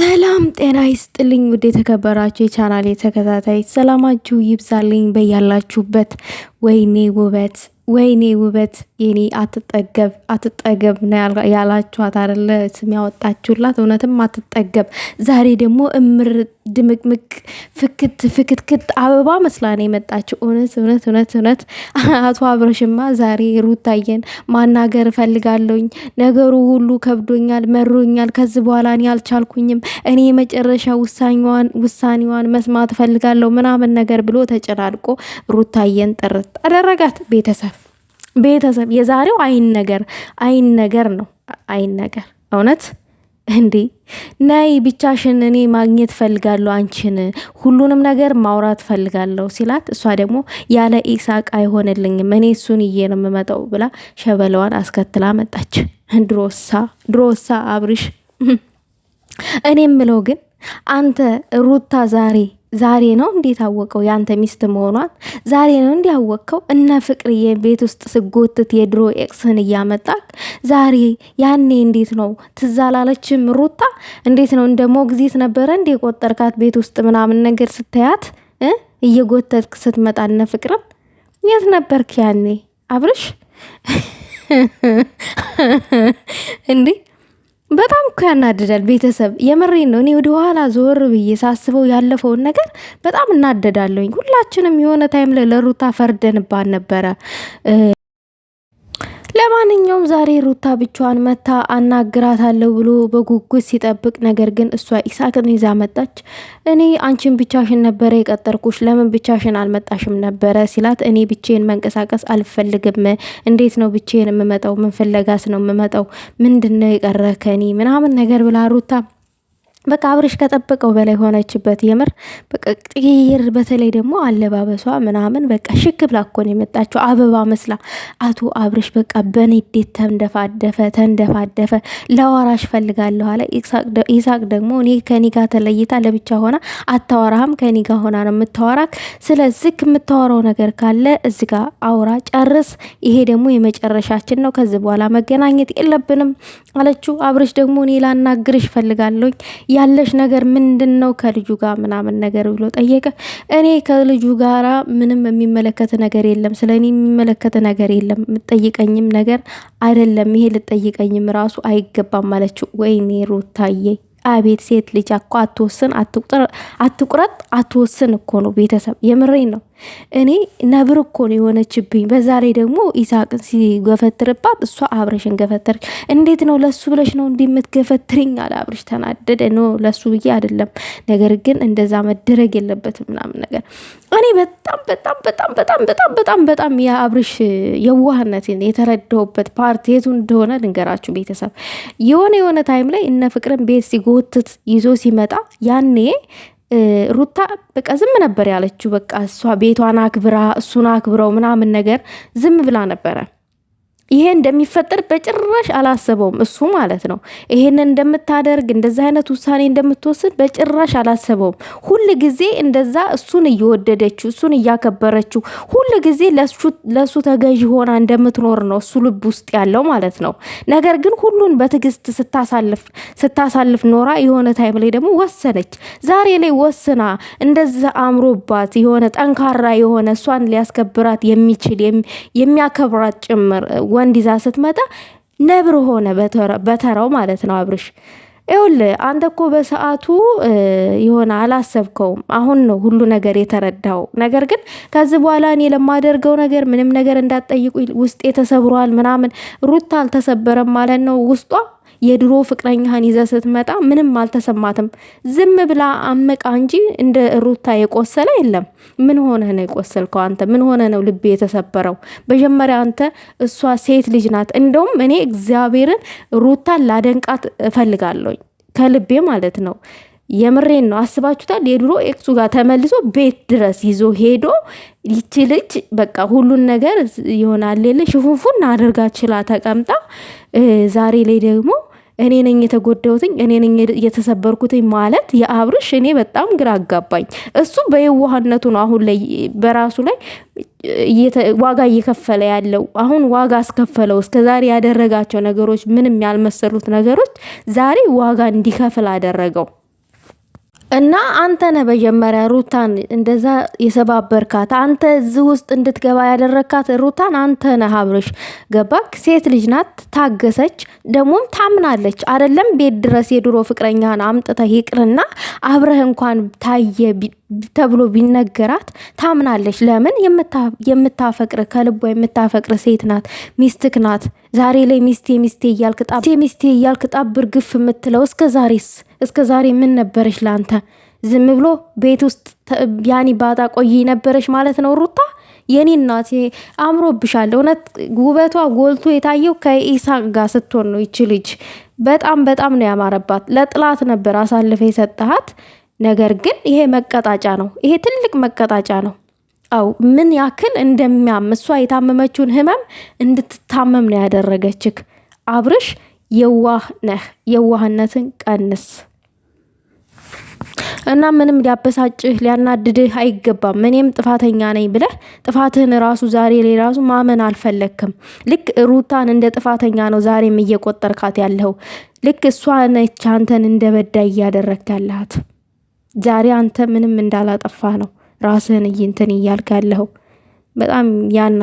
ሰላም ጤና ይስጥልኝ። ውድ የተከበራችሁ የቻናል ተከታታይ ሰላማችሁ ይብዛልኝ በያላችሁበት። ወይኔ ውበት ወይኔ ውበት የኔ አትጠገብ አትጠገብ ያላችኋት አደለ? ስም ያወጣችሁላት እውነትም አትጠገብ። ዛሬ ደግሞ እምር ድምቅምቅ ፍክት ፍክትክት አበባ መስላ ነው የመጣችው። እውነት እውነት እውነት እውነት አቶ አብረሽማ ዛሬ ሩታየን ማናገር እፈልጋለሁኝ። ነገሩ ሁሉ ከብዶኛል፣ መሮኛል። ከዚህ በኋላ እኔ አልቻልኩኝም። እኔ የመጨረሻ ውሳኔዋን ውሳኔዋን መስማት እፈልጋለሁ ምናምን ነገር ብሎ ተጨናድቆ ሩታየን ጥርት አደረጋት። ቤተሰብ ቤተሰብ የዛሬው አይን ነገር አይን ነገር ነው አይን ነገር እውነት እንዴ ናይ ብቻሽን እኔ ማግኘት ፈልጋለሁ አንቺን ሁሉንም ነገር ማውራት ፈልጋለሁ ሲላት፣ እሷ ደግሞ ያለ ኢሳቅ አይሆንልኝም እኔ እሱን እዬ ነው የምመጣው ብላ ሸበለዋን አስከትላ መጣች። ድሮሳ ድሮሳ አብርሽ እኔ ምለው ግን አንተ ሩታ ዛሬ ዛሬ ነው እንዴት አወቀው? ያንተ ሚስት መሆኗን ዛሬ ነው አወቀው? እነ ፍቅርዬ ቤት ውስጥ ስጎትት የድሮ ኤቅስን እያመጣክ ዛሬ ያኔ እንዴት ነው ትዝ አላለችም? ሩታ እንዴት ነው እንደ ሞግዚት ነበረ እንዴ ቆጠርካት? ቤት ውስጥ ምናምን ነገር ስታያት እየጎተትክ ስትመጣ እነ ፍቅርም የት ነበርክ ያኔ አብርሽ እንዴ? በጣም እኮ ያናደዳል። ቤተሰብ የምሬን ነው። እኔ ወደ ኋላ ዞር ብዬ ሳስበው ያለፈውን ነገር በጣም እናደዳለሁኝ። ሁላችንም የሆነ ታይም ላይ ለሩታ ፈርደንባን ነበረ። ለማንኛውም ዛሬ ሩታ ብቻዋን መታ አናግራታለሁ ብሎ በጉጉት ሲጠብቅ፣ ነገር ግን እሷ ኢሳቅን ይዛ መጣች። እኔ አንቺን ብቻሽን ነበረ የቀጠርኩሽ ለምን ብቻሽን አልመጣሽም ነበረ ሲላት፣ እኔ ብቼን መንቀሳቀስ አልፈልግም። እንዴት ነው ብቼን የምመጣው? ምን ፍለጋስ ነው የምመጣው? ምንድን ነው የቀረ ከኔ ምናምን ነገር ብላ ሩታ በቃ አብርሽ ከጠበቀው በላይ ሆነችበት። የምር ቅይር፣ በተለይ ደግሞ አለባበሷ ምናምን በቃ ሽክ ብላ እኮ ነው የመጣችው አበባ መስላ። አቶ አብርሽ በቃ በንዴት ተንደፋደፈ ተንደፋደፈ። ለዋራሽ ፈልጋለሁ አለ ይሳቅ። ደግሞ እኔ ከኒጋ ተለይታ ለብቻ ሆና አታወራህም፣ ከኒጋ ሆና ነው የምታወራክ። ስለዚህ የምታወራው ነገር ካለ እዚ ጋ አውራ ጨርስ። ይሄ ደግሞ የመጨረሻችን ነው፣ ከዚህ በኋላ መገናኘት የለብንም አለችው። አብርሽ ደግሞ እኔ ላናግርሽ ፈልጋለሁኝ ያለሽ ነገር ምንድን ነው ከልጁ ጋር ምናምን ነገር ብሎ ጠየቀ። እኔ ከልጁ ጋራ ምንም የሚመለከት ነገር የለም፣ ስለ እኔ የሚመለከት ነገር የለም፣ የምጠይቀኝም ነገር አይደለም፣ ይሄ ልጠይቀኝም ራሱ አይገባም አለችው። ወይኔ ሩታዬ አቤት ሴት ልጅ እኮ አትወስን፣ አትቁረጥ፣ አትወስን እኮ ነው ቤተሰብ የምሬን ነው። እኔ ነብር እኮ ነው የሆነችብኝ። በዛ ላይ ደግሞ ኢሳቅን ሲገፈትርባት እሷ አብረሽን ገፈተረች። እንዴት ነው ለሱ ብለሽ ነው እንዲምትገፈትርኝ የምትገፈትርኝ አለ አብረሽ ተናደደ። ኖ ለሱ ብዬ አይደለም፣ ነገር ግን እንደዛ መደረግ የለበትም ምናምን ነገር እኔ በጣም በጣም በጣም በጣም በጣም በጣም በጣም የአብርሽ የዋህነትን የተረዳሁበት ፓርቲ የቱ እንደሆነ ልንገራችሁ ቤተሰብ። የሆነ የሆነ ታይም ላይ እነ ፍቅርን ቤት ሲጎትት ይዞ ሲመጣ ያኔ ሩታ በቃ ዝም ነበር ያለችው። በቃ እሷ ቤቷን አክብራ እሱን አክብረው ምናምን ነገር ዝም ብላ ነበረ። ይሄ እንደሚፈጠር በጭራሽ አላሰበውም እሱ ማለት ነው። ይሄንን እንደምታደርግ እንደዛ አይነት ውሳኔ እንደምትወስድ በጭራሽ አላሰበውም። ሁል ጊዜ እንደዛ እሱን እየወደደችው እሱን እያከበረችው ሁል ጊዜ ለእሱ ተገዥ ሆና እንደምትኖር ነው እሱ ልብ ውስጥ ያለው ማለት ነው። ነገር ግን ሁሉን በትዕግስት ስታሳልፍ ስታሳልፍ ኖራ የሆነ ታይም ላይ ደግሞ ወሰነች። ዛሬ ላይ ወስና እንደዛ አምሮባት የሆነ ጠንካራ የሆነ እሷን ሊያስከብራት የሚችል የሚያከብራት ጭምር ወንድ ይዛ ስትመጣ ነብር ሆነ በተራው ማለት ነው አብርሽ። ይኸውልህ አንተ እኮ በሰዓቱ የሆነ አላሰብከውም። አሁን ነው ሁሉ ነገር የተረዳው። ነገር ግን ከዚህ በኋላ እኔ ለማደርገው ነገር ምንም ነገር እንዳትጠይቁ፣ ውስጤ ተሰብሯል ምናምን። ሩታ አልተሰበረም ማለት ነው ውስጧ የድሮ ፍቅረኛህን ይዘ ስትመጣ ምንም አልተሰማትም። ዝም ብላ አመቃ እንጂ እንደ ሩታ የቆሰለ የለም። ምን ሆነ ነው የቆሰልከው? አንተ ምን ሆነ ነው ልብ የተሰበረው? መጀመሪያ አንተ እሷ ሴት ልጅ ናት። እንደውም እኔ እግዚአብሔርን ሩታን ላደንቃት እፈልጋለሁ ከልቤ ማለት ነው። የምሬን ነው። አስባችሁታል? የድሮ ኤክሱ ጋር ተመልሶ ቤት ድረስ ይዞ ሄዶ ይቺ ልጅ በቃ ሁሉን ነገር ይሆናል ሌለ ሽፉንፉን አድርጋ ችላ ተቀምጣ ዛሬ ላይ ደግሞ እኔ ነኝ የተጎዳሁትኝ እኔ ነኝ የተሰበርኩትኝ ማለት የአብርሽ እኔ በጣም ግራ አጋባኝ። እሱ በየዋህነቱ ነው አሁን ላይ በራሱ ላይ ዋጋ እየከፈለ ያለው አሁን ዋጋ አስከፈለው። እስከዛሬ ያደረጋቸው ነገሮች ምንም ያልመሰሉት ነገሮች ዛሬ ዋጋ እንዲከፍል አደረገው። እና አንተ ነህ መጀመሪያ ሩታን እንደዛ የሰባበርካት፣ አንተ እዚህ ውስጥ እንድትገባ ያደረግካት ሩታን አንተ ነህ አብርሽ። ገባክ? ሴት ልጅ ናት፣ ታገሰች፣ ደግሞም ታምናለች። አደለም ቤት ድረስ የድሮ ፍቅረኛን አምጥተህ ይቅርና አብረህ እንኳን ታየ ተብሎ ቢነገራት ታምናለች። ለምን የምታፈቅር ከልቧ የምታፈቅር ሴት ናት፣ ሚስትክ ናት። ዛሬ ላይ ሚስቴ ሚስቴ እያልክ ጣ ሚስቴ እያልክ ብርግፍ የምትለው እስከ ዛሬስ እስከ ዛሬ ምን ነበረች ለአንተ? ዝም ብሎ ቤት ውስጥ ያኒ ባጣ ቆይ ነበረች ማለት ነው ሩታ የኔ እናት አምሮብሻል። እውነት ውበቷ ጎልቶ የታየው ከኢሳቅ ጋር ስትሆን ነው። ይች ልጅ በጣም በጣም ነው ያማረባት። ለጥላት ነበር አሳልፈ የሰጠሃት። ነገር ግን ይሄ መቀጣጫ ነው። ይሄ ትልቅ መቀጣጫ ነው። አው ምን ያክል እንደሚያም እሷ የታመመችውን ህመም እንድትታመም ነው ያደረገችክ። አብርሽ የዋህ ነህ፣ የዋህነትን ቀንስ እና ምንም ሊያበሳጭህ ሊያናድድህ አይገባም። እኔም ጥፋተኛ ነኝ ብለህ ጥፋትህን ራሱ ዛሬ ላይ ራሱ ማመን አልፈለግክም። ልክ ሩታን እንደ ጥፋተኛ ነው ዛሬም እየቆጠርካት ያለው ልክ እሷ ነች አንተን እንደ በዳይ እያደረግክ ያለሃት። ዛሬ አንተ ምንም እንዳላጠፋ ነው ራስህን እይንትን እያልክ ያለኸው። በጣም ያና